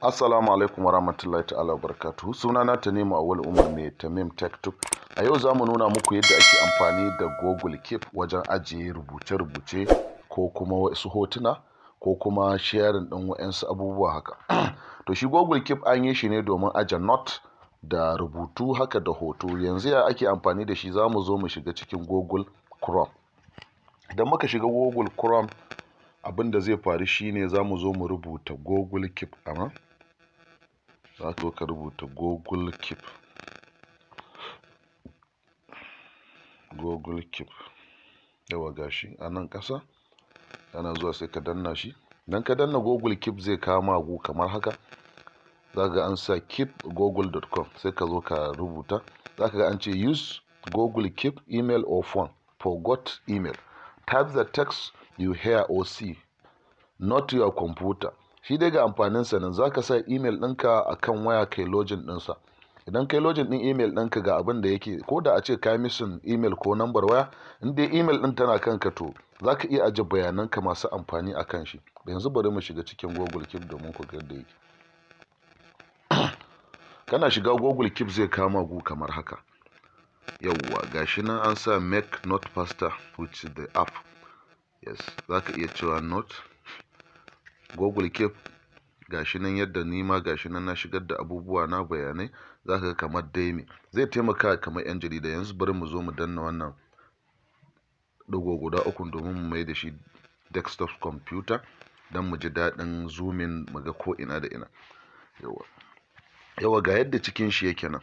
Assalamu alaikum warahmatullahi ta'ala barkatu sunana Tanimu Awal Umar ta Tamim Tektuk a yau za mu nuna muku yadda ake amfani da Google Keep wajen ajiye rubuce-rubuce ko kuma wasu hotuna ko kuma sharing ɗin wa'yansu abubuwa haka to shi Google Keep an yi shi ne domin aje not da rubutu haka da hoto yanzu ya ake amfani da shi za mu zo mu shiga cikin Google Chrome idan muka shiga google chrome abinda zai faru shine zamu zo mu rubuta google keep anan nan za ka ka rubuta google keep google keep yawa gashi a nan ƙasa yana zuwa sai ka danna shi idan ka danna google keep zai kama abu kamar haka za ga an sa keep google dot com sai ka zo ka rubuta za ka ga an ce use google keep email or phone forgot email Type the text you hear or see, not your computer. Shi dai ga amfaninsa nan za ka sa email ɗinka a kan waya kai login ɗinsa. Idan kai login ɗin email ɗinka ga abin da yake, ko da a ce ka misin email ko nambar waya, in dai email ɗin tana kanka to za ka iya ajiye ka masu amfani a kan shi. Yanzu bari mu shiga cikin Google Keep domin ku ga yadda yake. Kana shiga Google Keep zai kama gu kamar haka. yauwa gashi nan an sa make not faster which the app yes za ka iya cewa not google keep gashi nan yadda nima gashi nan na shigar da abubuwa na bayanai za ka kamar daimi zai taimaka kamar yan jarida yanzu bari mu zo mu danna wannan ɗigo guda uku domin mu mai da shi desktop computer don mu ji daɗin zoomin mu ga ko ina da ina yawa ga yadda cikin shi yake nan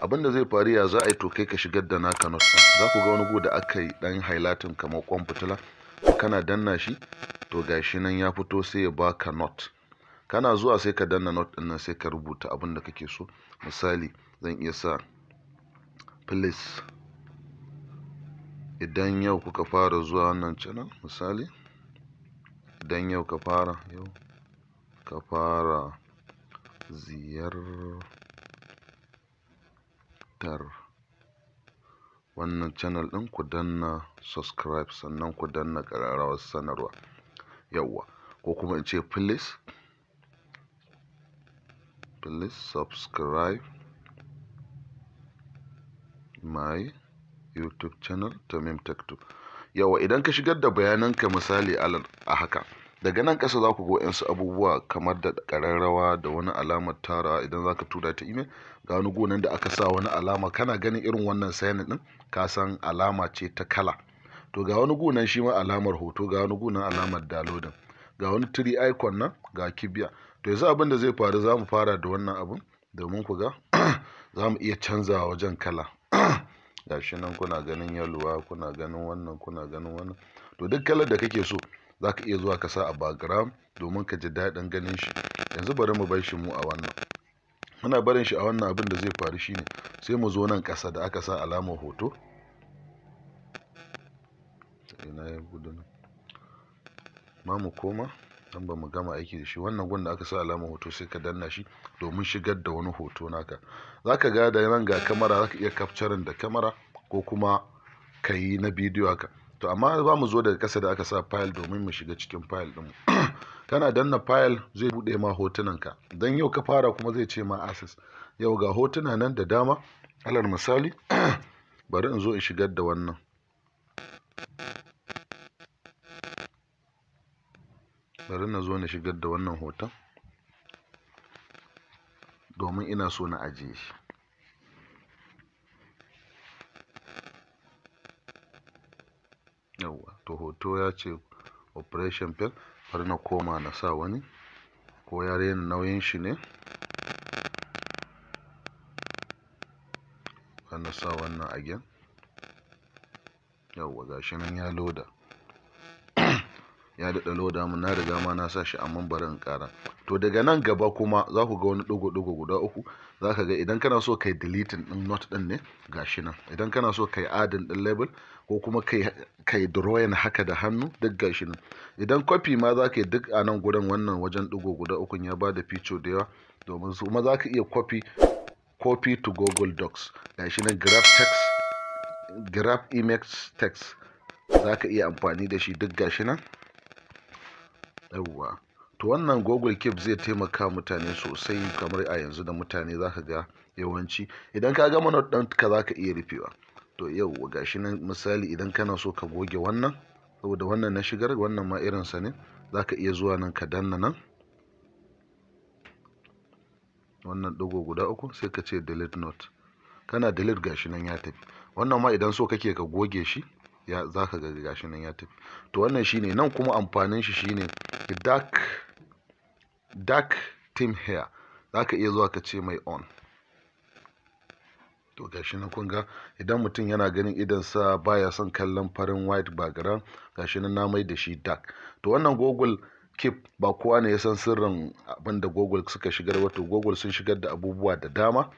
abin da zai faru ya za a yi to kai ka shigar da naka not za ku ga wani gu da aka yi dan hailatin kamar kwan fitila kana danna shi to gashi nan ya fito sai ya baka not kana zuwa sai ka danna not din nan sai ka rubuta abin da kake so misali zan iya sa please idan yau kuka fara zuwa wannan channel misali idan yau ka fara yau ka fara ziyarar tar wannan channel ɗin ku danna subscribe sannan ku danna ƙararrawar sanarwa yauwa ko kuma in ce please please subscribe my youtube channel tamim tech2 yauwa idan ka shigar da bayananka misali alal a haka daga nan ƙasa za ku go 'yansu abubuwa kamar da ƙararrawa da wani alamar tara idan za ka tura ta imel ga wani gonan da aka sa wani alama kana ganin irin wannan sayanin ɗin ka san alama ce ta kala to ga wani gonan shi ma alamar hoto ga wani gonan alamar dalodin ga wani tiri icon nan ga kibiya to yanzu abin da zai faru za mu fara da wannan abin domin ku ga za mu iya canza wajen kala gashi nan kuna ganin yaluwa kuna ganin wannan kuna ganin wannan to duk kalar da kake so za ka iya zuwa ka sa a background domin ka ji daɗin ganin shi yanzu bari mu bar shi mu a wannan muna barin shi a wannan abin da zai faru shine sai mu zo nan ƙasa da aka sa alamar hoto ina ya gudu ma mu koma dan ba mu gama aiki da shi wannan gun da aka sa alamar hoto sai ka danna shi domin shigar da wani hoto naka zaka ga da nan ga kamera ka iya capturing da kamara ko kuma ka yi na bidiyo haka to amma za mu zo daga ƙasa da aka sa file domin mu shiga cikin file ɗin kana danna file zai buɗe ma hotunanka don yau ka fara kuma zai ce ma access yau ga hotuna nan da dama alal misali bari in zo in shigar da wannan bari na zo na shigar da wannan hoton domin ina so na ajiye shi yauwa to hoto ya ce operation fail bari na koma na sa wani ko ya raina nauyin shi ne bari na sa wannan again yauwa shi nan ya loda ya daɗa loda mun na riga ma na sa shi amma bari in ƙara to daga nan gaba kuma za ku ga wani ɗigo-ɗigo guda uku za ka ga idan kana so kai deleting ɗin not ɗin ne gashi nan idan kana so kai adin ɗin label ko kuma kai drawing haka da hannu duk gashi nan idan copy ma za ka yi duk a nan gudan wannan wajen ɗigo guda ukun ya ba da feature da yawa domin su kuma za ka iya copy copy to google docs gashi nan grab text grab image text za ka iya amfani da shi duk gashi nan yawwa to wannan google keep zai taimaka mutane sosai kamar a yanzu da mutane za ka ga yawanci idan ka gama note ɗan ka za ka iya rufewa to yau ga shi nan misali idan kana so ka goge wannan saboda wannan na shigar wannan ma irinsa ne za ka iya zuwa nan ka danna nan wannan ɗigo guda uku sai ka ce delete note kana delete ga shi nan ya tafi wannan ma idan so kake ka goge shi ya za ka ga shi nan ya tafi to wannan shine nan kuma amfanin shi shine idan dark team hair za ka iya zuwa ka ce mai on to gashi na kun idan mutum yana ganin idansa baya son kallon farin white background gashi na namai da shi dark to wannan google keep ba kowa ne ya san sirrin abin da google suka shigar wato google sun shigar da abubuwa da dama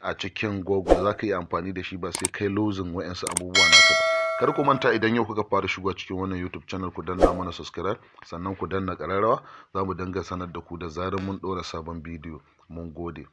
a cikin google za ka yi amfani da shi ba sai kai losing wa'yansu abubuwa ka ba kar ku manta idan yau kuka fara shigo cikin wannan youtube channel ku danna mana subscribe sannan ku danna kararrawa za mu danga sanar da ku da zarar mun ɗora sabon bidiyo mun gode